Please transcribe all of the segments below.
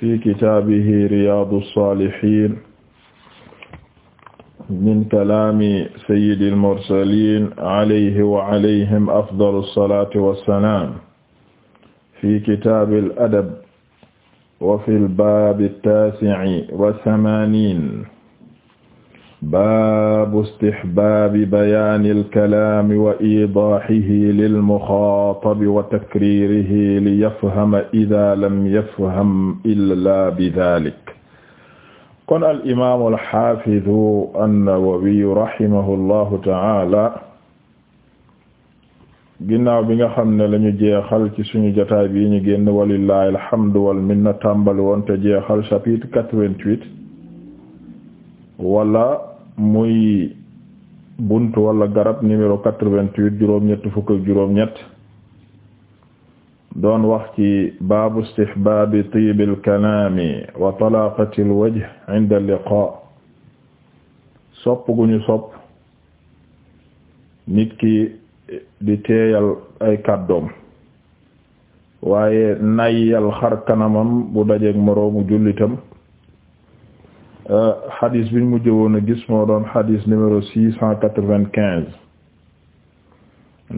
fi kitaabihi riyaadu saalihiin min kalaami sayyidil mursaliin alayhi wa alayhim afdalu salaati wa salaam fi kitaabil adab wa fil baabi taasi'i wa samaaniin baabu istihbaabi bayaanil kalaami wa iidaahihi lil muxaatabi wa takriirihi li yafhama idaa lam yafham bi kon al imaamu al xaafidu an-Nawawi rahimahu llaahu ta'aala ginnaaw nga xam ne lañu jeexal ci suñu jotaay bii ñu génn walillaahi alhamdu wal minna tàmbali woon te jeexal chapitre quatre-vingt-huit wala. muy bunt wala garab numéro quatre-vingt-huit juróom-ñett doon wax ci baabu istihbaabi tiibil kalaami wa talaaqatil wajhi inda liqaa sopp gu sopp nit ki di teeyal ay kàddoom waaye nayyal xar kanamam bu dajeeg moroomu jullitam Euh, xadis biñ mujj woon a gis moo doon xadis numéro six cent quatre-vingt-quinze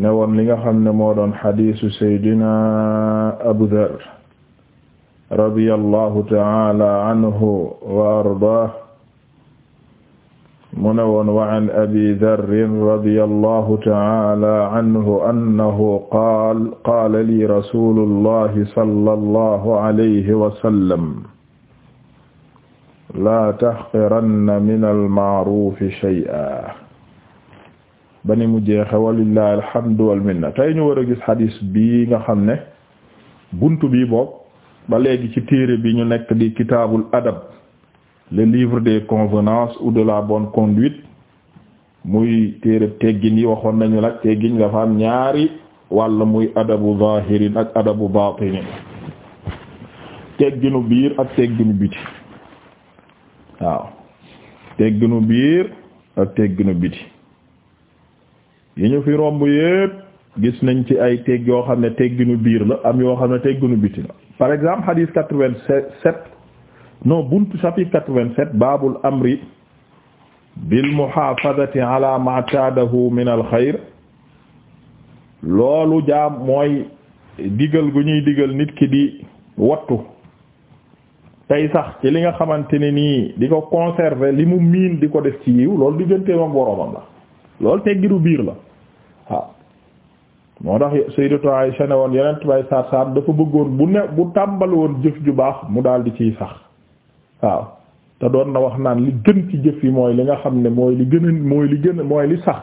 ne woon li nga xam ne moo doon xadisu saydina Abu Dharr radiyallahu ta'ala anhu wa ardaah mu ne woon wa an abi darrin radiyallahu ta'ala anhu annahu qaala qaala li rasulullahi sallallahu alayhi wa sallam laa taxqiranna min almaarufi shay'a bani mu jeexe walillahi alhamdu wal minna tey ñu war a gis xadis bii nga xam ne bunt bi boob ba léegi ci téere bi ñu nekk di kitaabul adab le livre des convenances ou de la bonne conduite muy téere teggin yi waxoon nañu nag teggin dafa am ñaari walla muy adabu zahirin ak adabu batinin tegginu biir ak tegginu biti waaw tegginu biir ak tegginu biti yi ñu fi romb yépp gis nañ ci ay teg yoo xam ne tegginu biir la am yoo xam ne tegginu biti la par exemple hadith quatre-vingt-sept non baabul amri bil muhaafadati ala ma'tadahu min al loolu jaam mooy digal gu ñuy digal nit ki di wattu tey sax ci li nga xamante ne nii di ko conservé li mu miin di ko def ci yiw loolu digganteem ak boroomam la loolu giru biir la waaw moo tax Sayyidatu Aisha ne woon yeneen bay saar saar dafa bëggoon bu ne bu tàmbali woon jëf ju baax mu daal di ciy sax waaw te doon na wax naan li gën ci jëf yi mooy li nga xam ne mooy li gën mooy li gën mooy li sax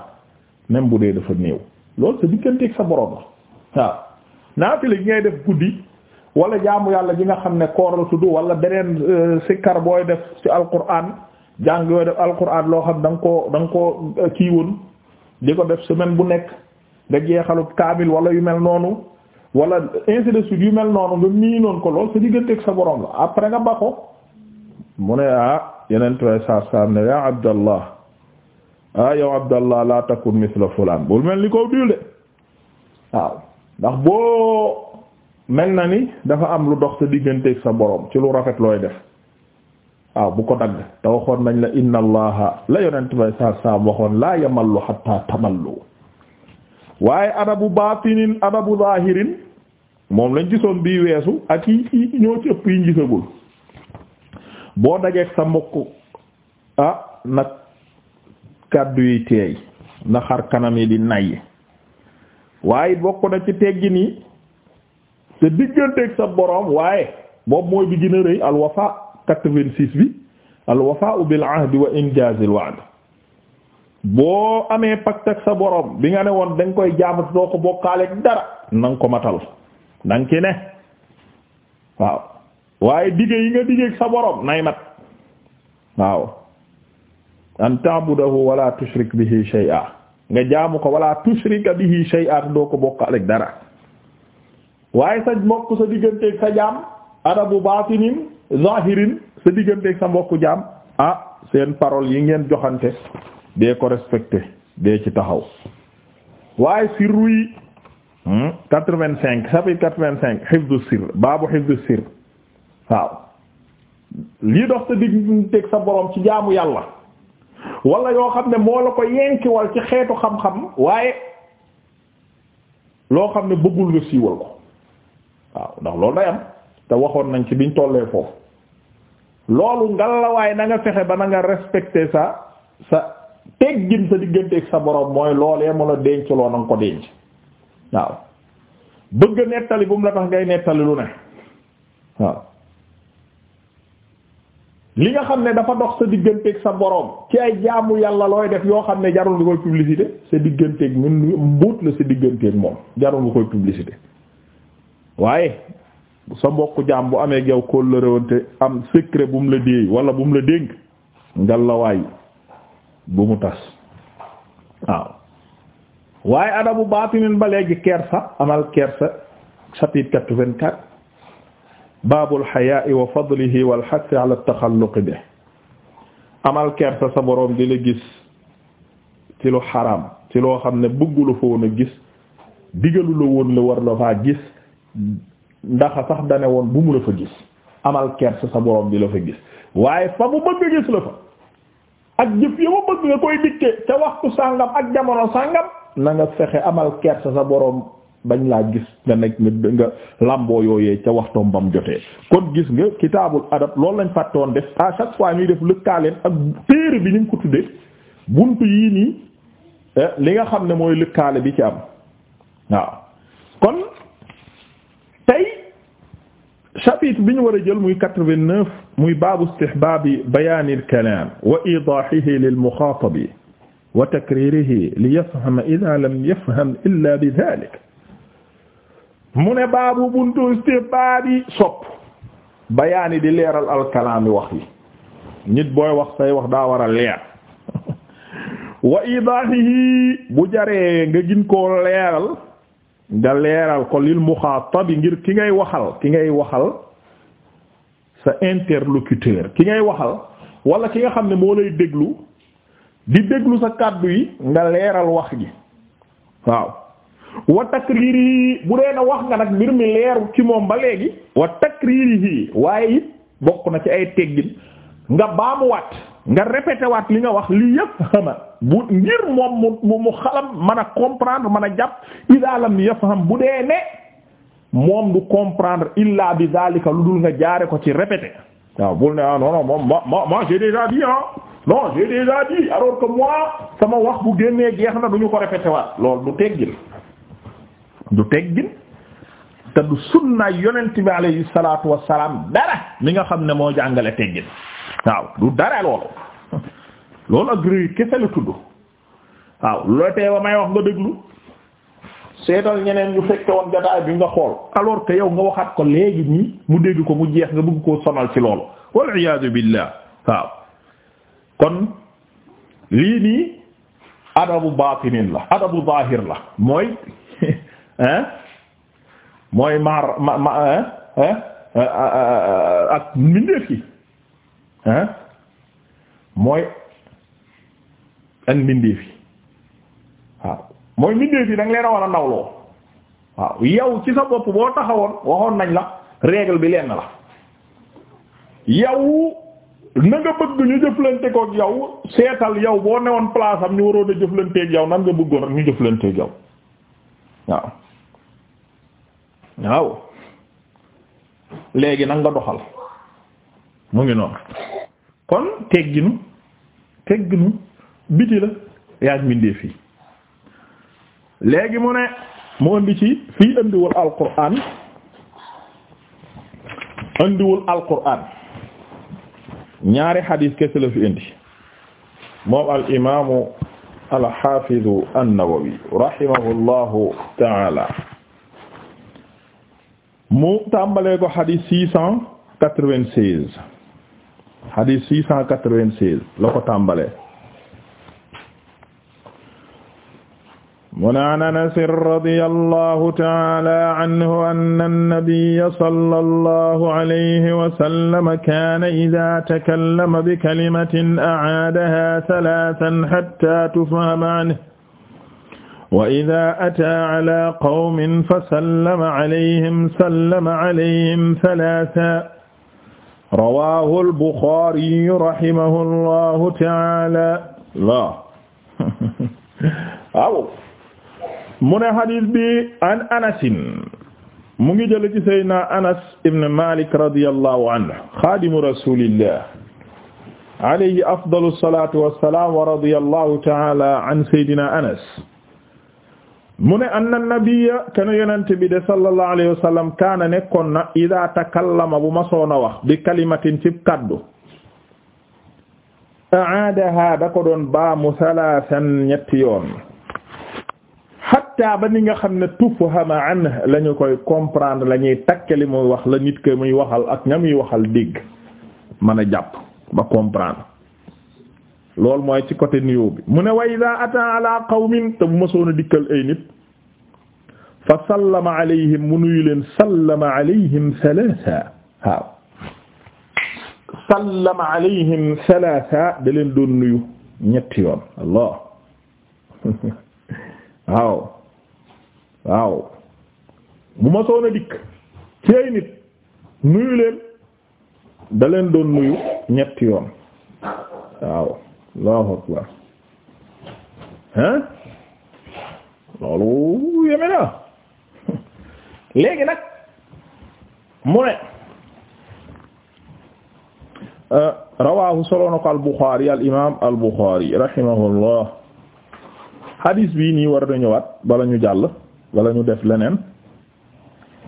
même bu dee dafa néew loolu sa digganteeg sa boroom la waaw naafile gi ngay def guddi wala jaamu yàlla ji nga xam ne koor la tudd wala beneen euh, sikkar booy def ci alquran jàng yooy def alquran loo xam da nga koo da nga koo euh, kii woon ko def semaine bu nekk nga jeexalu kaamil wala yu mel noonu wala ainsi de yu mel noonu nga mii noonu ko lool sa digganteeg sa borom la après nga ba ko mu ne ah yeneen trois saa saa ne yaa abdallah ah abdallah laa takun misla fulaan bul mel ni koo diwle waaw ndax boo. mel na ni dafa am lu dox sa digganteeg sa boroom ci lu rafet looy def waaw bu ko dagg te waxoon nañ la inna allaha la yonent bay sa saam waxoon laa yamallu hatta tamallu waaye adabu baatinin adabu zahirin moom lañ gisoon bii weesu ak yi ñoo ci ëpp yi gisagul boo dajeek sa mbokk ah nag kàddu yi teey na xar kanam yi di nay waaye bokk na ci teggin yi te digganteeg sa boroom waaye boobu mooy bi gën a rëy alwafa quatre-vingt-six bi alwafa bil ahdi wa injaazil wa'd boo amee pacte ak sa boroom bi nga ne woon da koy jaamu doo ko bokkaaleeg dara na ko matal na nga ki ne waaw waaye digge yi nga diggeeg sa boroom nay mat waaw an ta'budahu wala tushrik bihi shay'a nga jaamu ko wala tushrika bihi shay'a doo ko bokkaaleeg dara waaye sa mbokk sa digganteeg sa jaam adabu baatinin zahirin sa digganteeg sa mbokk jaam ah seen parole yi ngeen joxante dee ko respecté dee ci taxaw waaye sirru yi hmm, quatre-vingt-cinq chapitre quatre baabu hifdu waaw lii dox sa digganteeg sa borom ci jaamu yàlla wala yoo xam ne moo la ko yenkiwal ci xeetu xam-xam waaye loo xam ne bëggul nga siiwal ko waaw ndax loolu day am te waxoon nañ ci biñ tollee foofu loolu ngalawaay na nga fexe ba na nga respecter sa sa teggin sa digganteeg sa borom mooy loolee mën a denc loo na ko denc waaw bëgg nettali bu mu la tax ngay nettali lu ne waaw li nga xam ne dafa dox sa digganteeg sa borom ci ay jaamu yàlla looy def yoo xam ne jarul nga koy publicité sa digganteeg ñun mbuut la sa digganteeg moom jarul nga koy publicité waaye sa mbokku jaam bu amee yow kóllëréwante am secret bu mu la déey wala bu mu la dénk ngal la waay bu mu tas waaw waaye adabu baatinin ba léegi kersa amal kersa chapitre quatre-vingt-quatre wa fadlihi wal xasi ala taxalluqi bi amal kersa sa boroom di la gis ci lu xaraam ci loo xam ne bëggula fa woon a gis digalu la woon la war la faa gis ndax sax dane woon bu mu la gis amal kersa sa borom bi la fa gis waaye fa mu bëgg gis la fa ak jëf ya mu bëgg nga koy dikkee ca waxtu sàngam ak jamono sàngam na nga fexe amal kersa sa boroom bañ laa gis nga nekk nga lamboo yooyee ca waxtoom mu jotee kon gis nga kitaabul adab loolu lañ fàttoon def à chaque fois ñuy def lëkkaaleen ak téere bi ñu ko tuddee buntu yii nii eh, li nga xam ne mooy lëkkaale bi ci am waaw tey chapitre bi ñu war a jël muy quatre-vingt-neuf muy baabu istihbaabi bayaani al-kalaam wa iidaahihi lil-muxaatabi wa takririhi li yafhama idaa lam yafham illaa bi daalik mu ne baabu buntu istihbaabi sopp bayaani di leeral alkalaami wax yi nit booy wax say wax daa war a leer wa iidaahihi bu jaree nga gin koo leeral nga leeral ko lil muxaatabi ngir ki ngay waxal ki ngay waxal sa interlocuteur ki ngay waxal wala ki nga xam ne moo lay déglu di déglu sa kàddu yi nga leeral wax gi waaw wa bu dee na wax nga nag mbir mi leeru ci moom ba léegi wa takririhi waaye it bokk na ci ay teggin nga baamuwaat nga répété li nga wax li yëpp bu ngir moom mu mu xalam mën a comprendre man a jàpp ida lam yafham bu dee ne moom du comprendre illa bi zalika lu dul nga jaare ko ci répété waaw bul ne ah non moom ma ma ma j'ai déjà dit ah non j'ai déjà dit alors que moi sama wax bu génnee jeex na du ñu ko répété waa loolu du teggin du teggin te du sunna yonent bi alayhi salaatu wassalaam dara mi nga xam ne moo jàngale teggin waaw du dara loolu loolu ak rëy kese la tudd waaw loo tee ba may wax nga déglu seetal ñeneen ñu fekke woon jotaay bi nga xool alors que yow nga waxaat ko léegi nii mu dégg ko mu jeex nga bugg koo sonal ci loolu wal iyaadu billah waaw kon lii nii adabu baatinin la adabu zahir la mooy hein mooy maar ma ma hein hein euh, euh, euh, ak mbindeef yi hein mooy ak mbindeef yi waaw mooy mbindeef yi da nga leen a war a nawloo waaw yow ci sa bopp boo taxawoon waxoon nañ la règle bi lenn la yow na nga bëgg ñu jëflante koog yow seetal yow boo newoon place am ñu waroon a jëflanteeg yow nan nga bëggoon ñu jëflanteeg yow waaw waaw léegi nag nga doxal mu ngi noonu kon tegginu tegginu biti la yaag mindee fii léegi mu ne mu indi ci fii indiwul alquran indiwul alquran ñaari xadiis kese la fi indi moom al imaamu al xaafidu an-Nawawi rahimahullahu taala mu tàmbalee ko xadiis six cent quatre-vingt-seize xadiis six cent quatre-vingt-seize la ko mu ne an anasin radi allahu taala aanhu ann annabiya sala allahu alayhi wasallama kaana ida takallama bi kalimatin acaadaha talatan xatta tufahama anhu wa ida ataa ala qawmin fasallama alayhim sallama alayhim talatan rawahu albuxaariyu rahimahu allahu taala waaw mu ne xadis bi an anasin mu ngi jële ci saydna anas ibn malik radiyallahu anhu xadimu rasulillah alayhi afdalu salatu wassalam wa radiyallahu ta'ala an saydina anas mu ne anna nabiyya kana yonente bi de sallallahu alayhi wa sallam kaana nekkoon na ida takallama bu ma soon a wax bi kalimatin ci kaddu aadaha da ko doon baamu salaasan ñetti yoon hatta ba ni nga xam ne tufhama an la koy comprendre la ñuy takke li muy wax la nit ko muy waxal ak ña muy waxal dégg mën a jàpp ba comprendre loolu mooy ci côté nuyoo bi mu ne wa ida ata ala qawmin te bu mësoon a dikkal ay nit fa sallama alayhim mu nuyu leen sallama alayhim salaasa waaw leen doon nuyu ñetti yoon allah waaw waaw bu ma soon dikk ci ay nit nuyu leen da leen doon nuyu ñetti yoon waaw allahu akbar hein loolu yeme na léegi nag mu ne euh, rawahu soloona ko al-Bukhari al imam al-Bukhari rahimahullah hadis bii nii war na ñëwaat bala ñu jàll wala ñu def leneen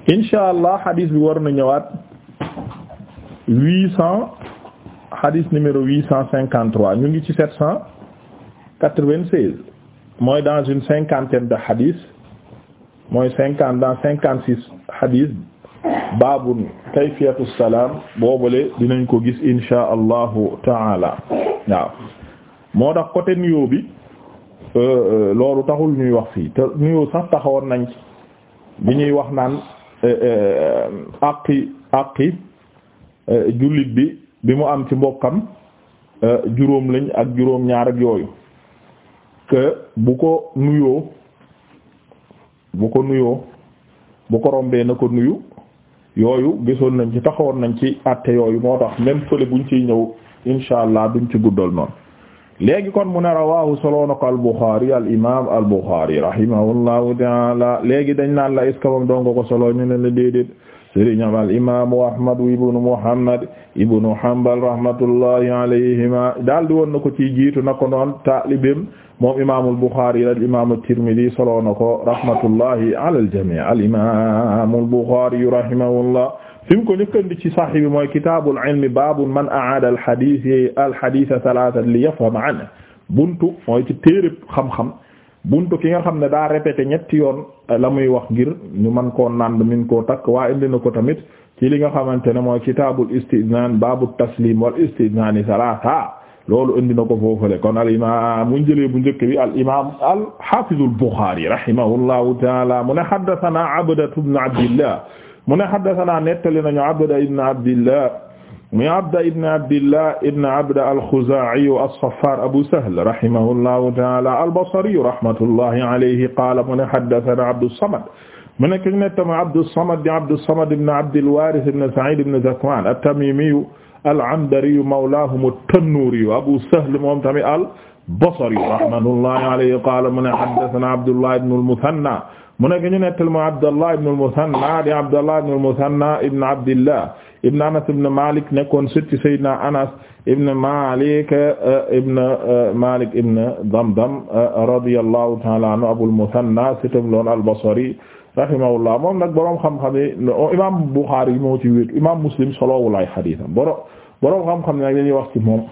insha allah hadis bi war na ñëwaat huit cent hadis numéro huit cent cinquante trois ñu ngi ci sept cent mooy dans une cinquantaine de mooy cinquante dans cinquante six hadis baabun kayfiyatu salaam boobule dinañ ko gis insha allahu taala waaw moo tax côté nuyoo bi. Euh, loolu taxul ñuy wax fii te nuyoo sax taxawoon nañ ci bi ñuy wax naan euh, euh, àqi àqi jullit bi bi mu am ci mbokkam juróom lañ ak juróom ñaar ak yooyu que bu ko nuyoo bu ko nuyoo bu ko rombee na ko nuyu yooyu gisoon nañ ci taxawoon nañ ci àtte yooyu moo tax même fële ñu ciy ñëw insha allah duñ ci guddal noonu léegi kon mu ne rawahu soloona ko al-Bukhari al imam al-Bukhari rahimahullahu taala léegi dañ naan la iska moom dongo ko solo ñu ne la déedéet sëriñam al imamu ahmadu ibnu muhammad ibnu hanbal rahmatullahi alayhima daal di woon na ko ci jiitu na ko noon taalibim moom imamul Bukhari al imam at-Tirmidhi soloona ko rahmatullahi ala al jami' al imamul Bukhari rahimahullah fi mu ko njëkkandi ci sahih bi mooy kitaabul ilmi baabu man a'aada al-hadiis al-hadiisa salaatan li yafhama anhu buntu mooy ci téereb xam-xam buntu ki nga xam ne daa répété ñetti yoon la muy wax ngir ñu man koo nand min koo takk waa indi na ko tamit ci li nga xamante ne mooy kitaabul istizaan baabu tasliim wal istizaan salaasa loolu indi na ko foofale kon al imaam mu jëlee bu njëkk bi al imaam al haafiz al Buxaari rahimahullahu ta'aala mu ne haddasanaa Abdatu bnu Abdillah mu ne haddathana nettali nañu Abda ibn Abdillah muy Abda ibn Abdillah ibn Abda al-Khuzaa'i as-Saffaar Abu Sahl rahimahullahu ta'ala al-Basri rahmatullahi alayhi qaala mu ne haddathana Abdu Samad mu ne ki nettali Abdu Samad di Abdu Samad ibn Abdil Waaris ibn Sa'iid ibn Zakwaan at-Tamiimiyu al-Anbariyu mawlaahum at-Tannuuriyu Abu Sahl moom tamit al-Basri rahmatullahi alayhi qaala mu ne haddathana Abdullah ibn al-Muthanna mu nekk ñu nettal mu Abdallah ibn al-Muthanna di Abdallah ibn al-Muthanna ibn Abdillah ibn Anas ibn Malik nekkoon sëtti Sayyidina Anas ibn Malik euh, ibn euh, Malik ibn Damdam euh, radiyallahu ta'ala anhu Abul Muthanna sëtam loon al-Basri rahimahullah moom nag boroom xam-xam yi imam Bukhari moo ci wéetu imam Muslim solowul ay hadiisam boro boroom xam-xam ne nag dañuy wax ci moom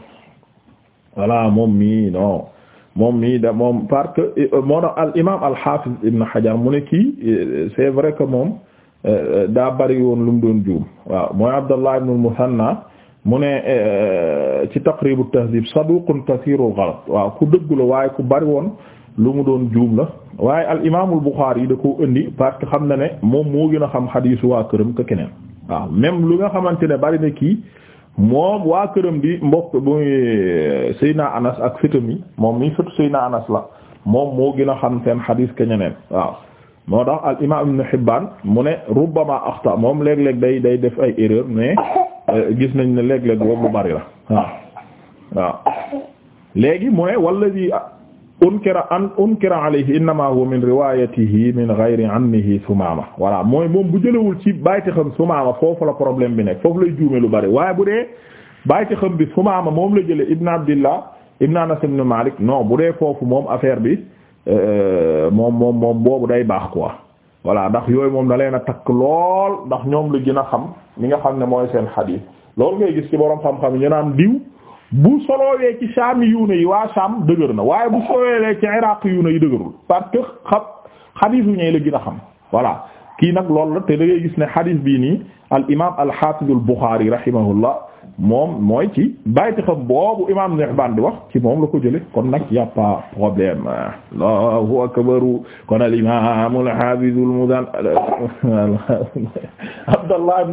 voilà moom mi non moom mii da moom parce que euh, euh, moo tax al imaam al ibn Hajar mu ne kii euh, c'est vrai que moom daa bari woon lu mu doon juum waaw mooy Abdallah ibn al-Muthanna mu ne ci Taqrib at-Tahdhib saduqun kathirul ghalat waaw ku dëgg waaye ku bari woon lu mu doon juum la waaye al imaamul Bukhari de koo indi parce que xam na ne moom moo gën a xam xadiisu waa këram que keneen waaw lu nga xamante ne bari na kii. moom waa këram di mbokk bu euh, Seyna Anas ak sëtam yi moom mi sëtu Seyna Anas la moom moo gën a xam seen xadiis ke ñeneen waaw moo tax al imaam Ibn Hibbaan mu ne rubbama axta moom léeg-léeg day day def ay erreur mais euh, gis nañ ne léeg-léeg boobu lu bari la waaw léegi mu ne walla di unkira an unkira alayhi innama huwa min riwayatihi min ghayri annihi sumaama voilà mooy moom bu jëlawul ci bàyti xam sumaama foofu la problème bi nekk foofu lay juume lu bari waaye bu dee bàyti xam bi sumaama moom la jële ibn abdillah ibn anas ibn malik non bu dee foofu moom affaire bi euh, moom moom boobu day baax quoi voilà ndax yooyu moom da leen a takk lool ndax ñoom la gën a xam ni nga xam ne mooy seen xadiis loolu ngay gis ci boroom xam-xam ñu naan diw bu solowee ci saami yuuna yi waa saam dëgër na waaye bu solowee ci iraq yuuna yi dëgërul parce yu ñëw la gën a xam voilà kii nag loolu la te da ngay gis ne xadiis bii nii al imaam al xaafiz al buxaari rahimahullah moom mooy ci bayti xam boobu imaam Nihbaan di wax ci moom la ko jële kon nag y a pas problème Allahu akbar kon al imaam al xaafiz al mudan Abdallah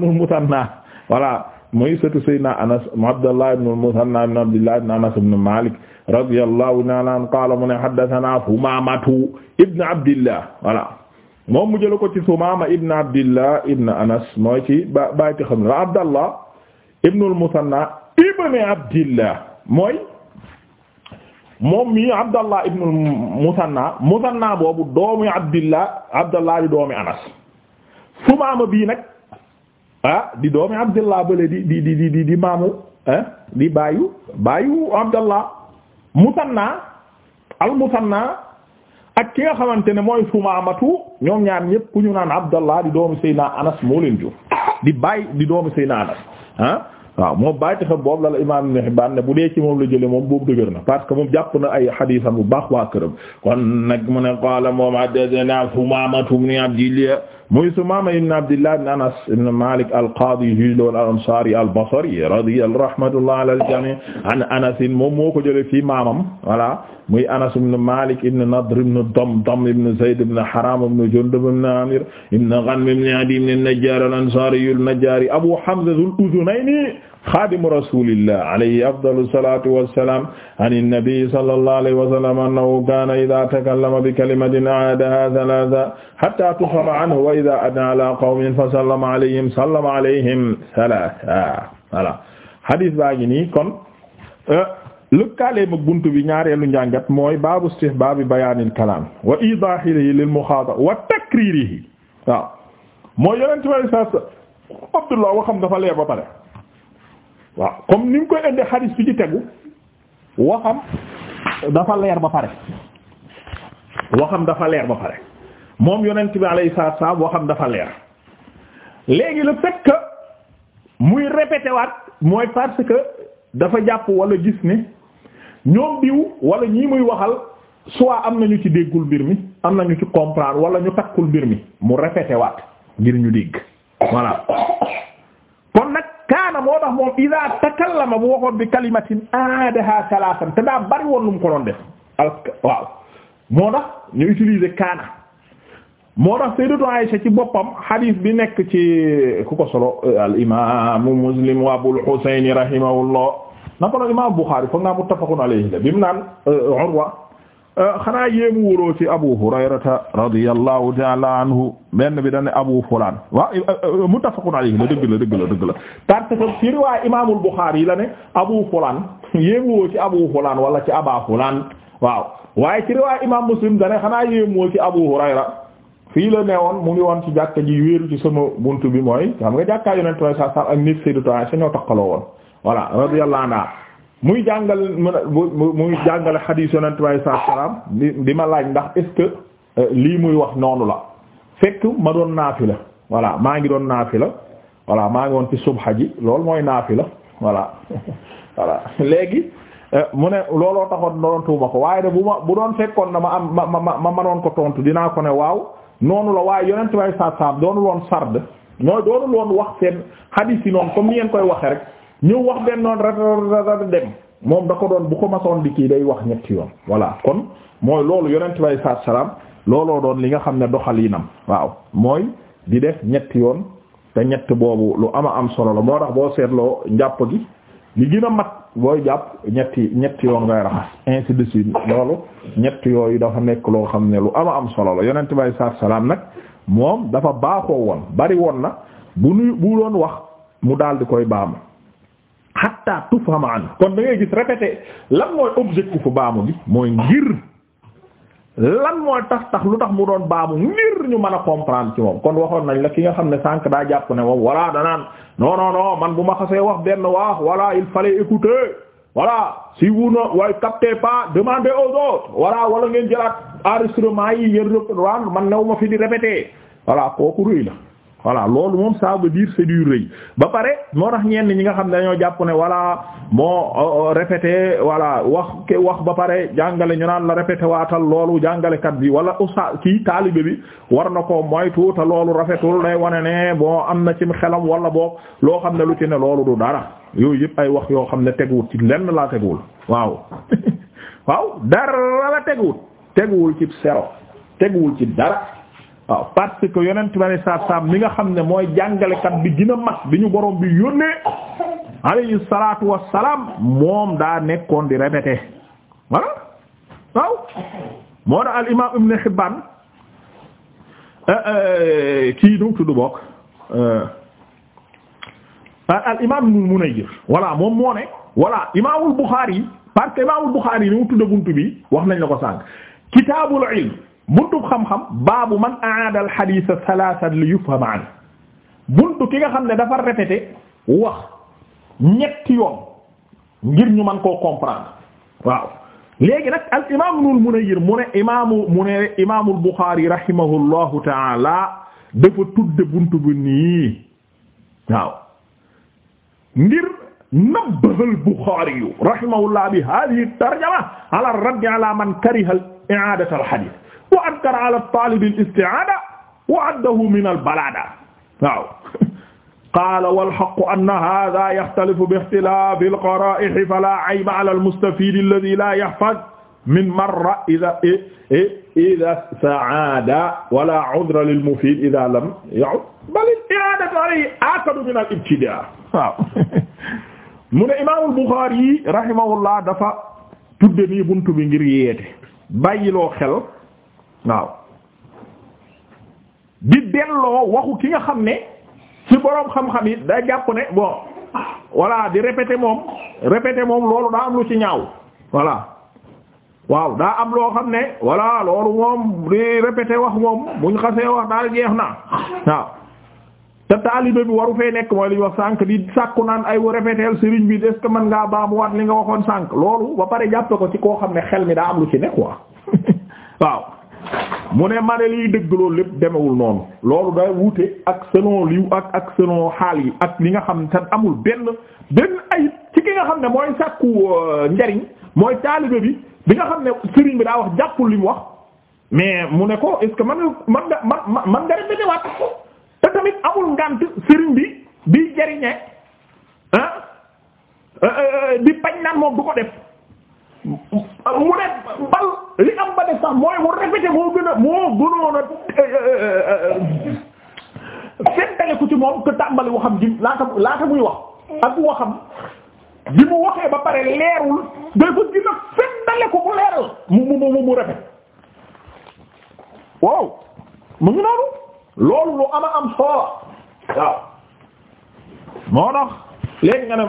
muy sëtu sayyidina Anas Abdallah ibn al-Muthanna ibn Abdillah ibn Anas ibn Malik radiyallahu ta'ala anhu qaala mu ne haddathana Humamatu ibn Abdillah voilà moom mu jël ko ci Humama ibn Abdillah ibn Anas mooy ci ba bayti xam ne Abdallah ibn al-Muthanna ibn Abdillah mooy moom mi Abdallah ibn al-Muthanna Muthanna boobu doomi Abdillah Abdallah di doomi Anas Humama bi nag ah di doomi abdullah bële di di di di di maamu ah di baayu baayu abdullah musanna al ak ki nga xamante ne mooy sumaamatu ñoom ñaar ñëpp ku ñu naan abdullah di doomi sayna anas moo di baay di doomi sayna anas ah waaw moom bàyyi taxaw boobu la la imaam Ibn Hibbaan ne bu dee ci moom la jëlee moom boobu dëgër na parce que moom jàpp na ay xadiisam bu baax waa kon nag mu ne qaala moom haddasanaa Sumaamatu ibn Abdillah muy Sumaama ibn Abdillah ibn Anas ibn Malik al-Qaadi juge loon al-Ansaari al-Basri radiya rahmatullah ala al-jamii an Anas moom moo ko jëlee fii maamam voilà muy Anas ibn Malik ibn Nadr ibn Damdam ibn Zayd ibn Haraam ibn Jundub ibn Aamir ibn Ghanm ibn Adiy ibn an-Najjaar al-Ansaari an-Najjaari Abu Hamza dhul-Udhunayni xaadimu rasulillah alayhi afdalu salatu wassalam an annabi sallallahu alayhi wa sallam annahu kana ida takallama bi kalimatin aadaha thalatha hatta tufhama anhu wa ida ada ala qawmin fa sallama alayhim sallama alayhim thalatha voilà hadis baa ngi nii kon euh, lëkkaale mag bunt bi ñaareelu njàngat mooy baabu istihbaabi bayaanil kalaam wa idaahihi lil muxaatab wa takriirihi waaw mooy yonent bi sallallahu alayhi wa sallam Abdullah waxam dafa leer ba pare waaw comme ni mu koy indi xadis bi ci tegu waxam dafa leer ba pare waxam dafa leer ba pare moom yonent bi alayhi salaatu salaam waxam dafa leer léegi la fait muy répété waat mooy parce que dafa jàpp wala gis ne ñoom diw wala ñii muy waxal soit am na ñu ci déggul mbir mi am na ñu ci comprendre wala ñu takkul mbir mi mu répété waat ngir ñu dégg voilà. kaana moo tax moom idaa takallama bu waxoon bi kalimatin aadaha salaasan te daa bari woon lu mu ko doon def al waaw moo tax ñu utiliser kaana moo tax sayyidatu Aisha ci boppam hadith bi nekk ci ku ko solo al imaamu Muslim wa Abul Husayn rahimahullah na ko noonu imaamu Bukhari foog naa muttafaqun alayhi la bi mu naan euh, Urwa Euh, xanaa yéemu wóoloo ci abu hurayrata radiyallahu ta'ala anhu benn bi dane abu fulaan waaw euh, euh, muttafaqun alayhi la dëgg la dëgg la dëgg la parce que ci riwaaya imaamul buxaari yi la ne abu fulaan yéemu woo ci abu fulaan wala ci aba fulaan waaw waaye ci riwaaya imaam muslim dane xanaa yéemu woo ci abu hurayra fii la ne woon mu ngi woon ci jàkka ji wéeru ci sama bunt bi mooy xam nga jàkkaa yonent sa sar ak nit sayyidatu Aisha ñoo takkaloo woon voilà radiyallahu anha muy jàngal muy jàngale xadiis yonent bi saa di di ma laaj ndax est euh, lii muy wax noonu la fekk ma doon la voilà maa ngi doon la voilà maa ngi woon ci subha ji loolu mooy naafi la voilà voilà léegi euh, mu ne looloo taxoon doon tuuma ko waaye de bu ma bu doon fekkoon na ma am ma ma ma manoon ko tontu dinaa ko ne waaw noonu la waaye yonent bi saa salaam doonul woon sard mooy doonul loon wax seen xadiis yi noonu comme ni ngeen koy waxee rek. ñëw wax benn noonu rata dem moom da ko doon bu ko masoon di kii day wax ñetti yoon voilà kon mooy loolu yonent bay saa salaam looloo doon li nga xam ne doxalinam waaw mooy di def ñetti yoon te ñett boobu lu ama am solo la moo tax boo seetloo njàpp gi li gën a mat booy jàpp ñetti ñetti yoon ngay raxas ainsi de suite loolu ñett yooyu dafa nekk loo xam ne lu ama am solo la yonent bay saa salaam nag moom dafa baaxoo woon bari woon na bu nuy bu doon wax mu daal di koy baamu. hatta tufhama kon da ngay gis répété lan mooy objectif baamu bi mooy ngir lan mooy tax tax lu tax mu doon baamu ngir ñu mën a comprendre ci moom kon waxoon nañ la ki nga xam ne sànq daa jàpp ne moom walaa danaan non man bu ma xasee wax benn waax voilà il fallait écouter voilà si vous ne waaye captez pas demandez aux autres voilà wala ngeen jëlaat enregistrement yi yéen reprendre man new ma fi di répéter voilà kooku rëy la. voilà loolu moom ça diir dire rëy ba pare moo tax ñenn ñi nga xam ne dañoo jàpp ne voilà moo euh, euh, répété voilà wax ke wax ba pare jàngale ñu naan la répété waatal loolu jàngalekat bi wala ussa kii taalibe bi war na ko moytu te loolu rafetul day wane ne bon am na cim xelam wala boog loo xam ne lu ci ne loolu du dara yooyu yëpp ay wax yoo xam ne teguwul ci lenn laa teguwul waaw waaw dara la teguwul teguwul ci sero teguwul ci dara. waaw parce que yonent bi alayhi salaatu salaam mi nga xam ne mooy jàngalekat bi gën a mag bi ñu borom bi yónnee alayhi salaatu salaam moom daa nekkoon di répété voilà waaw moo tax al imaam Ibn Hibbaan euh, euh, kii nu mu tudd bokk euh, al imaam Ibn Munayir voilà moom moo ne voilà imaamul Buxaari parce que imaamul Buxaari ni mu tudd buntu bi wax nañ la ko sànq kitaabul ilm buntu xam-xam baabu man aada al hadith thalathan li yufham an buntu ki nga xam ne dafa répété wax ñetti yoon ngir ñu mën koo comprendre waaw léegi nag al imam Ibnul Munayyir mu ne imaamu mu ne imaamul Buxaari rahimahullahu taala dafa tudde buntu bi nii waaw ngir nabbahal Buxaari yu rahimahullah bi hadihi tarjama ala raddi ala man kariha i'aadata al hadith wa ankara ala talib al isti'ada wa addahu min al balada waaw qaala wal haqqu anna hadha yaxtalifu bi ixtilafi al qara'ih fala ayba ala al mustafid alladhi la yahfaz min marra idha idha sa'ada wala 'udra lil mufid idha lam ya'ud bal al i'adatu alayhi akadu min al ibtida waaw mu ne imaamul Buxaari rahimahullah dafa tudde nii buntu bi ngir yeete bàyyiloo xel waaw di delloo waxu ki nga xam ne ci boroom xam-xam yi day jàpp ne bon voilà di répéter moom répéter moom loolu daa am lu ci ñaaw voilà waaw daa am loo xam ne walla loolu moom di répéter wax moom buñ xasee wax daal jeex naa waaw te taalibe bi waru fee nekk mooy li ñu wax sànq di sàkku naan ay war répéteel sëriñ bi est-ce que mën ngaa baamuwaat li nga waxoon sànq loolu ba pare jàppe ko ci koo xam ne xel mi daa am lu ci nekk quoi waaw. mu ne ma ne liy dëgg loolu lépp demewul noonu loolu day wuute ak selon liw ak ak xaal yi ak li nga xam te amul benn benn ayib ci ki nga xam ne mooy sàkku euh, njariñ mooy taalibe bi bi nga xam ne sëriñ bi daa wax jàppul li mu wax mais mu ne ko est-ce que man man nga man man nga répété waat te tamit amul ngànt sëriñ bi bi jariñe euh, euh, di bañ naan moom du ko def mu ne li am ba def sax mooy mu répété moo gën a moo gënoon a fentale ku ci moom tàmbali waxam ji laata laata muy wax ak waxam bi mu waxee ba pare leerul day ko gën a fentale ko mu leeral mu mu mu mu répété waaw mu ngi noonu loolu lu ama am soola waaw moo tax léegi nga ne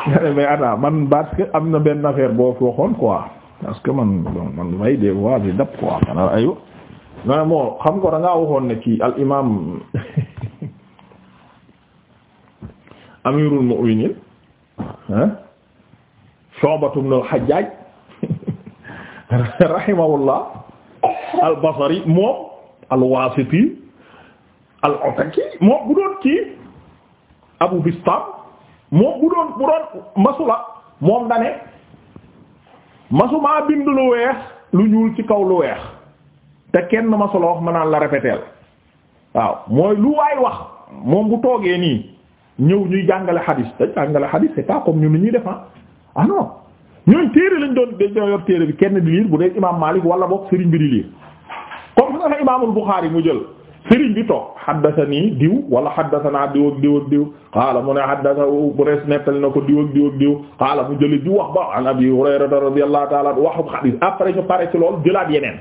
mais attends man parce am na benn affaire boo fi waxoon quoi parce que man man may des fois bi dab quoi xanaa aywa ma moo xam ko da waxoon ne kii al imaam amirul mu'minin ah Shu'batu ibn al-Hajjaj moom al-Wasiti al-Ataki moom bu doon kii Abu Bistam moom bu doon bu doon masula moom dane masumaa bind lu weex lu ñuul ci kaw lu weex te kenn masula wax ma naan la répéteel waaw mooy lu waay wax moom bu toogee nii ñëw ñuy jàngale xadis te jàngale xadis c'est pas comme ñu ni ñuy defan ah. ah non ñooñ téere lañ doon dañoo yor téere bi kenn di liir bu dee imaam Maalik wala boog sëriñ bi di liir comme xam nga imaamul Buxaari mu jël sëriñ bi toog xaddasanii diw wala xaddasanaa diw ak diw ak diw qaala mu ne xaddasa bu rees nettali na ko diw ak diw ak diw qaala mu jële diw wax ba an abi hurayrata radiyallahu ta'ala waxu xadiis après ñu pare ci loolu jëlaat yeneen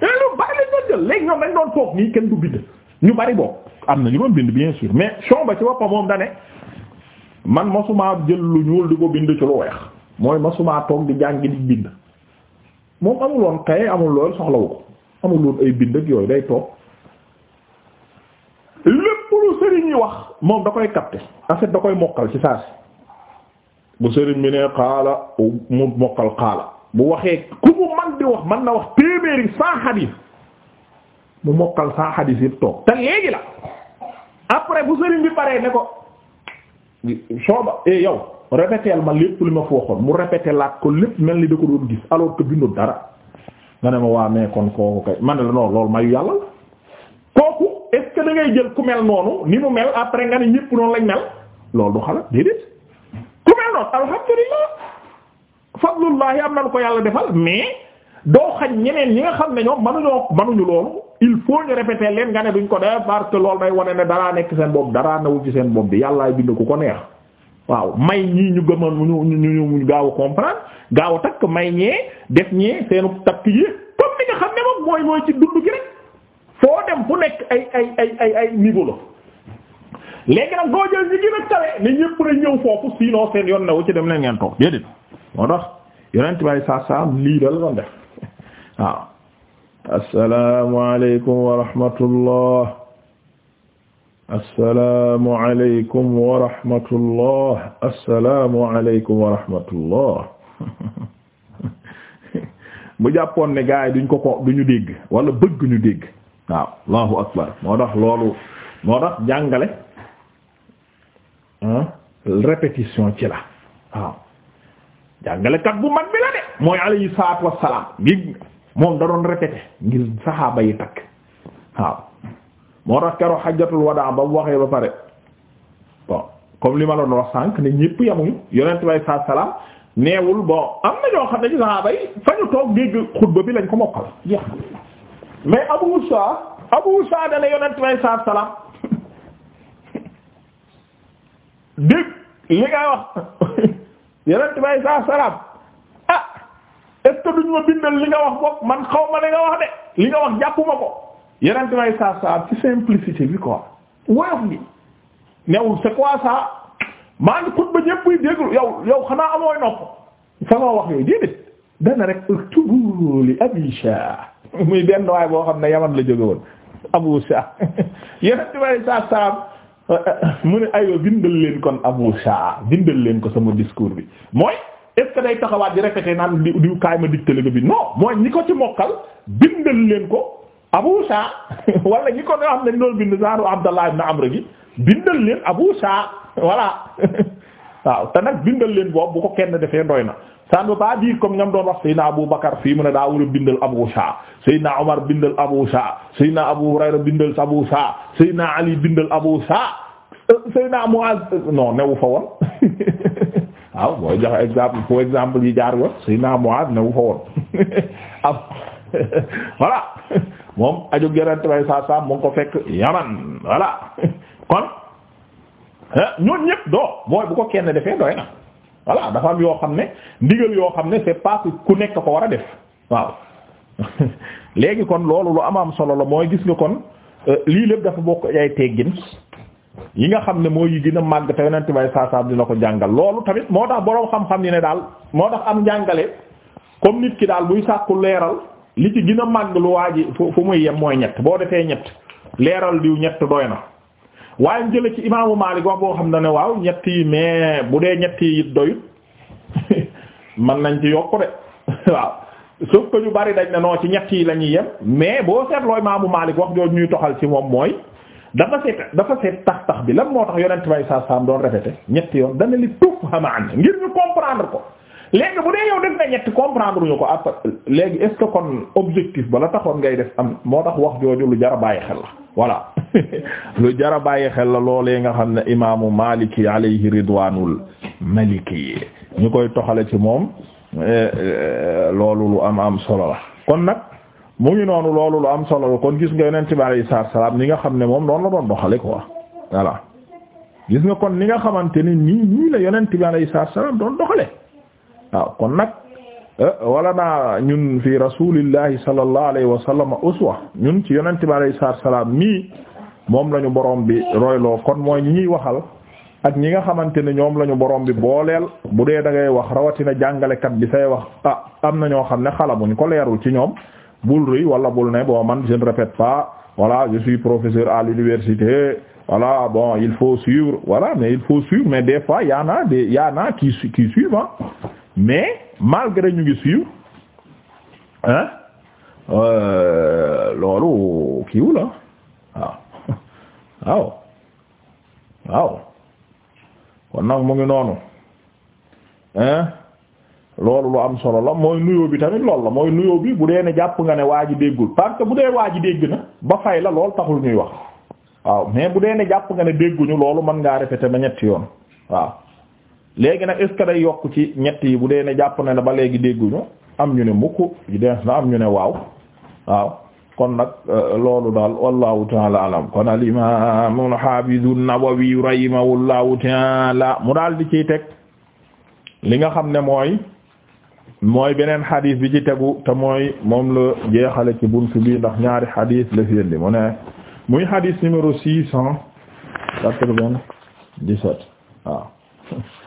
te lu bari lañ doon jël léegi ñu bari bokk am na ñu doon bind bien sûr mais somba ci woppa moom dane man masumaa jël lu ñuul di ko bind ci lu weex mooy masumaa toog di jàng di bind moom amuloon kay amul lool soxlawu ko amul woon ay bind ak yooyu day toog lu sëriñ yi wax moom da koy capter en fait da koy mokkal ci saa si bu sëriñ bi ne xaala mu mokkal xaala bu waxee ku mu man di wax man na wax téeméeri saa xadiis mu mokkal saa xadiis yëpp toog te léegi la après bu sëriñ bi paree ne ko sooba eh yow répéteel ma lépp li ma fi waxoon mu répété laat ko lépp mel ni da ko doon gis alors que bindu dara nga ne ma waa mais la non loolu mayu kooku da ngay jël ku mel noonu ni mu mel après nga ne ñépp noonu lañ mel loolu du xalaat déedéet ku mel noonu alhamdulillah fadlullahi am nañu ko yàlla defal mais doo xañ ñeneen ñi nga xam ne ñoom manuñoo manuñu loolu il faut ñu répéter leen nga ne duñ ko def parce que loolu day wane ne daraa nekk seen bopp daraa nawu ci seen bopp bi yàllaay bind ku ko neex waaw may ñi ñu gëmoon ñu ñu ñu gaaw a comprendre gaaw a takk may ñee def ñee seenu takk yi comme ni nga xam ne moom mooy mooy ci dund gi kanam fu nekk ay ay ay ay ay nag boo jël ñi gën a kawe ne ñëpp la ñëw foofu sinon seen yoon newu ci dem leen ngeen toog déedéet moo tax yonent bay saa saa lii aleykum wa rahmatullah aleykum wa mu jàppoon ne gaay duñ ko ko duñu dégg wala bëgg ñu dégg waaw allahu akbar moo tax loolu moo tax jàngale répétition ci la waaw jàngalekat bu mag bi la de mooy alayhi salaatu wassalaam ngi moom da doon répété ngir saxaaba yi takk waaw moo tax keroog xajjatul wadaa ba mu waxee ba pare bon comme li ma la doon wax sànq ne ñépp yamuñu yonent bay saa salaam neewul bon am na ñoo xam ne ci saxaaba yi fa ñu toog dégg xutba bi lañ ko mokkal jeex mais Abu Musa Abu Musa dana yonent may saa salaam dégg li ngay wax yonent may saa salaam ah est-ce que ma bindal li nga wax bopp man xaw ma li nga wax de li nga wax jàppuma ko yonent may saa salaam ci simplicité bi quoi woyof gi new c'est quoi ça maa ngi xutba ñépp yow yow xanaa amooy nopp sama wax yooyu déedéet dana rek uktubu li abi muy benn waay boo xam ne yaman la jóge woon abu shah yenent way sa salam mu ne aywa bindal leen kon abu shah bindal leen ko sama discours bi mooy est-ce day taxawaat di répéter naan di diw kaay ma dictale ko bi non mooy ñi ko ci mokkal bindal leen ko abu shah wala ñi ko nga xam ne doon bind saaru abdallah ibn amr gi bindal leen abu shah voilà waaw te nag bindal leen boobu bu ko kenn defee ndoy na ça ne veut pas comme ñam doon wax Seydina Abu Bakar fii mu ne daa war bindal Abu Sa Seydina Abu Hurayra bindal Abu Sa Seydina Ali bindal Abu Sa euh, Seydina Muaz euh, non newu fa woon waaw moom aju gerante bay saa saa mu ko fekk Yaman voilà kon ñooñu ñëpp doo mooy bu ko kenn defee doy na. voilà dafa am yoo xam ne ndigal yoo xam ne c'est pas ku nekk ko war a def waaw léegi kon loolu lu am am solo la mooy gis nga kon euh, lii lépp dafa bokk ay teggin yi nga xam ne mooy yi gën a màgg te yonent bay saasaam dina ko jàngal loolu tamit moo tax boroom xam-xam ni ne daal moo tax am njàngale comme nit ki daal buy sàkku leeral li ci gën a màgg lu waa ji fu muy yem mooy ñett boo defee ñett leeral diw ñett doy na waaye jële ci imaamu Maalik wax boo xam na ne waaw ñetti mais bu dee ñetti yi it doyut mën nañ ci yokku de waaw sauf que ñu bari dañ ne noo ci ñett yi la ñuy yem mais boo seetloo imaamu Maalik wax jooju ñuy toxal ci moom mooy dafa seet dafa seet tax tax bi lan moo tax yonent bay saa saam doon répété ñetti yoon dana li tuuf xamaan ngir ñu comprendre ko. léegi bu dee yow def nga ñetti comprendre ñu ko après léegi est-ce que kon objectif bala taxoon ngay def am moo tax wax jooju lu jara bàyyi xel la voilà lu jara bàyyi xel la loolee nga xam ne imaamu Maliki alayhi ridwanul maliki ñu koy toxale ci moom eh, eh, loolu lu am am solo la kon nag mu ngi noonu loolu lu am solo la kon gis nga yonent bi alayhi salaam ni nga xam ne moom noonu la doon doxale quoi voilà gis nga kon ni nga xamante ni nii nii la yonent bi alayhi salaam doon doxale waaw kon nag eh, wala naa ñun fi rasulillahi sallallahu alayhi wa sallam uswa ñun ci yonent bi alayhi salaam mii moom la ñu borom bi royloo kon mooy ñi ñuy waxal ak ñi nga xamante ne ñoom la ñu borom bi booleel bu dee da ngay wax rawatina jàngalekat bi say wax a ah, am na ñoo xam ne xalamuñ ko leerul ci ñoom bul rëy wala bul ne boo man je ne répète pas voilà je suis professeur à l'université voilà bon il faut suivre voilà mais il faut suivre mais des fois y en a mais malgré ñu ngi suivre euh, loolu kiiwu la waaw waaw kon nag mu ngi noonu hein loolu lu am solo la mooy nuyoo bi tamit loolu la mooy nuyoo bi bu dee ne jàpp nga ne waa ji déggul parce bu dee waa ji dégg na ba fay la lool taxul ñuy wax waaw mais bu dee ne jàpp nga ne dégguñu loolu man ngaa répéter ba ñetti yoon waaw léegi nag est yokk ci ñett yi bu dee ne jàpp na ne ba léegi dégguñu am ñu ne mukk yu na am ñu ne waaw waaw kon nag euh, loolu daal wallahu taala alam kon al imam al hafiz an-Nawawi mu daal di ci teg li nga xam ne mooy mooy beneen xadis bi ci tegu te mooy moom la jeexale ci buntu bi ndax ñaari xadis la fi indi mu ne muy xadis numéro six cent waaw